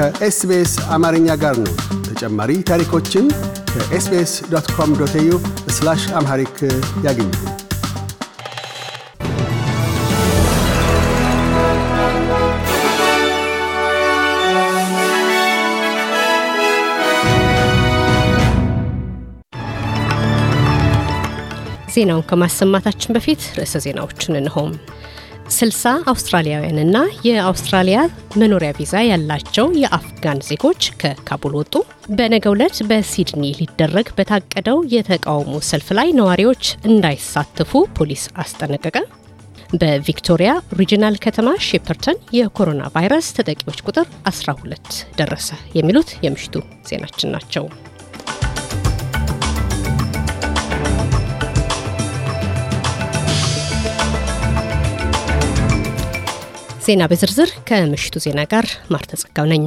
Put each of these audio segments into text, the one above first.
ከኤስቤስ አማርኛ ጋር ነው። ተጨማሪ ታሪኮችን ከኤስቤስ ዶት ኮም ዶት ኤዩ አምሃሪክ ያገኙ። ዜናውን ከማሰማታችን በፊት ርዕሰ ዜናዎችን እንሆም። 60 አውስትራሊያውያንና የአውስትራሊያ መኖሪያ ቪዛ ያላቸው የአፍጋን ዜጎች ከካቡል ወጡ። በነገው ዕለት በሲድኒ ሊደረግ በታቀደው የተቃውሞ ሰልፍ ላይ ነዋሪዎች እንዳይሳተፉ ፖሊስ አስጠነቀቀ። በቪክቶሪያ ሪጂናል ከተማ ሼፐርተን የኮሮና ቫይረስ ተጠቂዎች ቁጥር 12 ደረሰ። የሚሉት የምሽቱ ዜናችን ናቸው። ዜና በዝርዝር ከምሽቱ ዜና ጋር ማርተ ጸጋው ነኝ።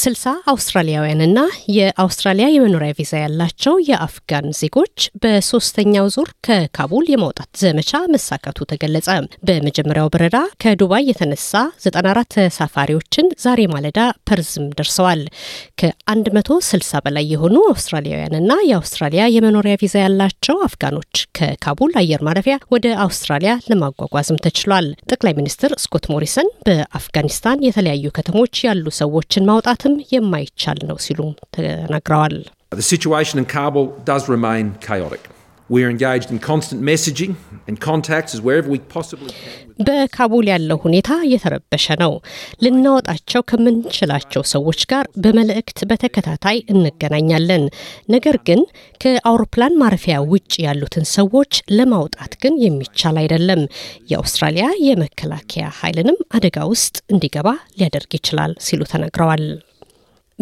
ስልሳ አውስትራሊያውያንና የአውስትራሊያ የመኖሪያ ቪዛ ያላቸው የአፍጋን ዜጎች በሶስተኛው ዙር ከካቡል የማውጣት ዘመቻ መሳካቱ ተገለጸ። በመጀመሪያው በረራ ከዱባይ የተነሳ 94 ተሳፋሪዎችን ዛሬ ማለዳ ፐርዝም ደርሰዋል። ከ160 በላይ የሆኑ አውስትራሊያውያንና የአውስትራሊያ የመኖሪያ ቪዛ ያላቸው አፍጋኖች ከካቡል አየር ማረፊያ ወደ አውስትራሊያ ለማጓጓዝም ተችሏል። ጠቅላይ ሚኒስትር ስኮት ሞሪሰን በአፍጋኒስታን የተለያዩ ከተሞች ያሉ ሰዎችን ማውጣት ማውጣትም የማይቻል ነው ሲሉ ተናግረዋል። በካቡል ያለው ሁኔታ እየተረበሸ ነው። ልናወጣቸው ከምንችላቸው ሰዎች ጋር በመልእክት በተከታታይ እንገናኛለን። ነገር ግን ከአውሮፕላን ማረፊያ ውጭ ያሉትን ሰዎች ለማውጣት ግን የሚቻል አይደለም። የአውስትራሊያ የመከላከያ ኃይልንም አደጋ ውስጥ እንዲገባ ሊያደርግ ይችላል ሲሉ ተናግረዋል።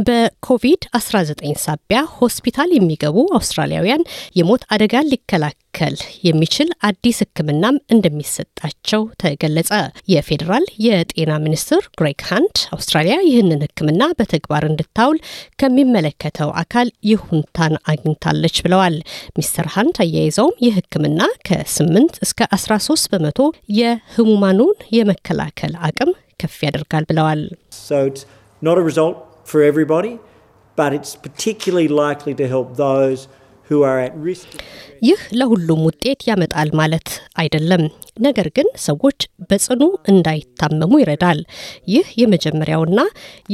በኮቪድ-19 ሳቢያ ሆስፒታል የሚገቡ አውስትራሊያውያን የሞት አደጋ ሊከላከል የሚችል አዲስ ሕክምናም እንደሚሰጣቸው ተገለጸ። የፌዴራል የጤና ሚኒስትር ግሬግ ሃንድ አውስትራሊያ ይህንን ሕክምና በተግባር እንድታውል ከሚመለከተው አካል ይሁንታን አግኝታለች ብለዋል። ሚስተር ሃንድ አያይዘውም ይህ ሕክምና ከ8 እስከ 13 በመቶ የህሙማኑን የመከላከል አቅም ከፍ ያደርጋል ብለዋል። for everybody, but it's particularly likely to help those who are at risk. ይህ ለሁሉም ውጤት ያመጣል ማለት አይደለም፣ ነገር ግን ሰዎች በጽኑ እንዳይታመሙ ይረዳል። ይህ የመጀመሪያውና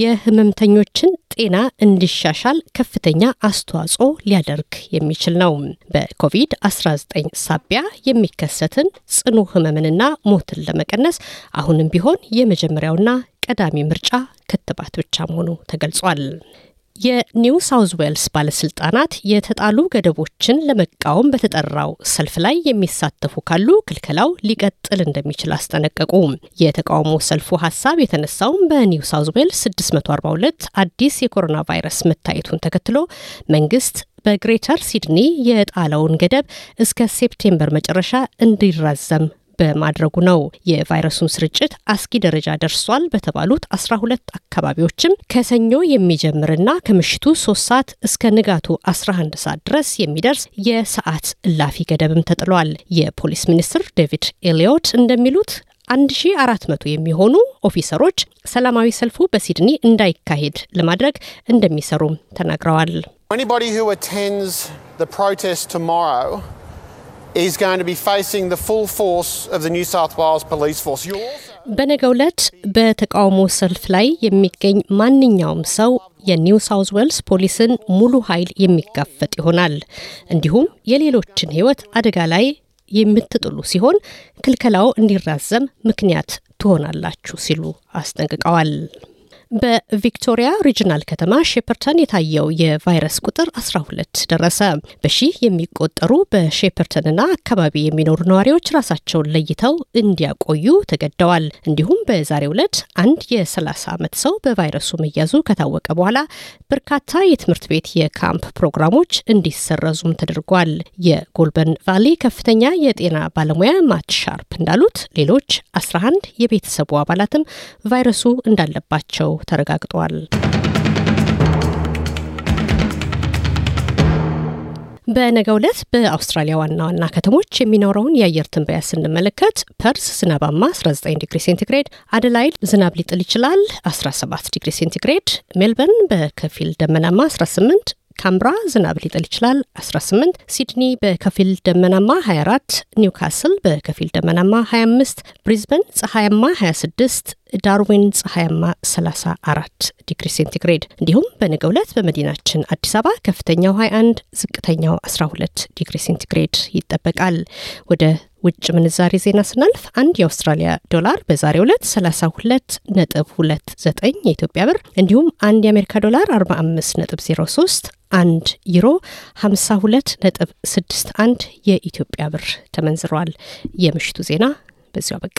የህመምተኞችን ጤና እንዲሻሻል ከፍተኛ አስተዋጽኦ ሊያደርግ የሚችል ነው። በኮቪድ-19 ሳቢያ የሚከሰትን ጽኑ ህመምንና ሞትን ለመቀነስ አሁንም ቢሆን የመጀመሪያውና ቀዳሚ ምርጫ ክትባት ብቻ መሆኑ ተገልጿል። የኒው ሳውዝ ዌልስ ባለስልጣናት የተጣሉ ገደቦችን ለመቃወም በተጠራው ሰልፍ ላይ የሚሳተፉ ካሉ ክልከላው ሊቀጥል እንደሚችል አስጠነቀቁ። የተቃውሞ ሰልፉ ሀሳብ የተነሳውም በኒው ሳውዝ ዌልስ 642 አዲስ የኮሮና ቫይረስ መታየቱን ተከትሎ መንግስት በግሬተር ሲድኒ የጣለውን ገደብ እስከ ሴፕቴምበር መጨረሻ እንዲራዘም በማድረጉ ነው። የቫይረሱን ስርጭት አስጊ ደረጃ ደርሷል በተባሉት 12 አካባቢዎችም ከሰኞ የሚጀምርና ከምሽቱ 3 ሰዓት እስከ ንጋቱ 11 ሰዓት ድረስ የሚደርስ የሰዓት እላፊ ገደብም ተጥሏል። የፖሊስ ሚኒስትር ዴቪድ ኤሊዮት እንደሚሉት 1400 የሚሆኑ ኦፊሰሮች ሰላማዊ ሰልፉ በሲድኒ እንዳይካሄድ ለማድረግ እንደሚሰሩም ተናግረዋል። anybody who attends the protest tomorrow is going to be facing the full force of the New South Wales police force. በነገው ዕለት በተቃውሞ ሰልፍ ላይ የሚገኝ ማንኛውም ሰው የኒው ሳውዝ ዌልስ ፖሊስን ሙሉ ኃይል የሚጋፈጥ ይሆናል። እንዲሁም የሌሎችን ሕይወት አደጋ ላይ የምትጥሉ ሲሆን ክልከላው እንዲራዘም ምክንያት ትሆናላችሁ ሲሉ አስጠንቅቀዋል። በቪክቶሪያ ሪጅናል ከተማ ሼፐርተን የታየው የቫይረስ ቁጥር 12 ደረሰ። በሺህ የሚቆጠሩ በሼፐርተንና አካባቢ የሚኖሩ ነዋሪዎች ራሳቸውን ለይተው እንዲያቆዩ ተገደዋል። እንዲሁም በዛሬ ዕለት አንድ የ30 ዓመት ሰው በቫይረሱ መያዙ ከታወቀ በኋላ በርካታ የትምህርት ቤት የካምፕ ፕሮግራሞች እንዲሰረዙም ተደርጓል። የጎልበን ቫሊ ከፍተኛ የጤና ባለሙያ ማት ሻርፕ እንዳሉት ሌሎች 11 የቤተሰቡ አባላትም ቫይረሱ እንዳለባቸው ተረጋግጧል። በነገ ዕለት በአውስትራሊያ ዋና ዋና ከተሞች የሚኖረውን የአየር ትንበያ ስንመለከት ፐርስ ዝናባማ 19 ዲግሪ ሴንቲግሬድ፣ አደላይድ ዝናብ ሊጥል ይችላል 17 ዲግሪ ሴንቲግሬድ፣ ሜልበርን በከፊል ደመናማ 18 ካምብራ ዝናብ ሊጥል ይችላል 18፣ ሲድኒ በከፊል ደመናማ 24፣ ኒውካስል በከፊል ደመናማ 25፣ ብሪዝበን ፀሐያማ 26 ዳርዊን ፀሐያማ 34 ዲግሪ ሴንቲግሬድ እንዲሁም በንገ ሁለት በመዲናችን አዲስ አበባ ከፍተኛው 21 ዝቅተኛው 12 ዲግሪ ሴንቲግሬድ ይጠበቃል። ወደ ውጭ ምንዛሬ ዜና ስናልፍ አንድ የአውስትራሊያ ዶላር በዛሬው ዕለት 32 ነጥብ 29 የኢትዮጵያ ብር እንዲሁም አንድ የአሜሪካ ዶላር 45 ነጥብ 03 አንድ ዩሮ 52 ነጥብ 61 የኢትዮጵያ ብር ተመንዝረዋል። የምሽቱ ዜና በዚሁ አበቃ።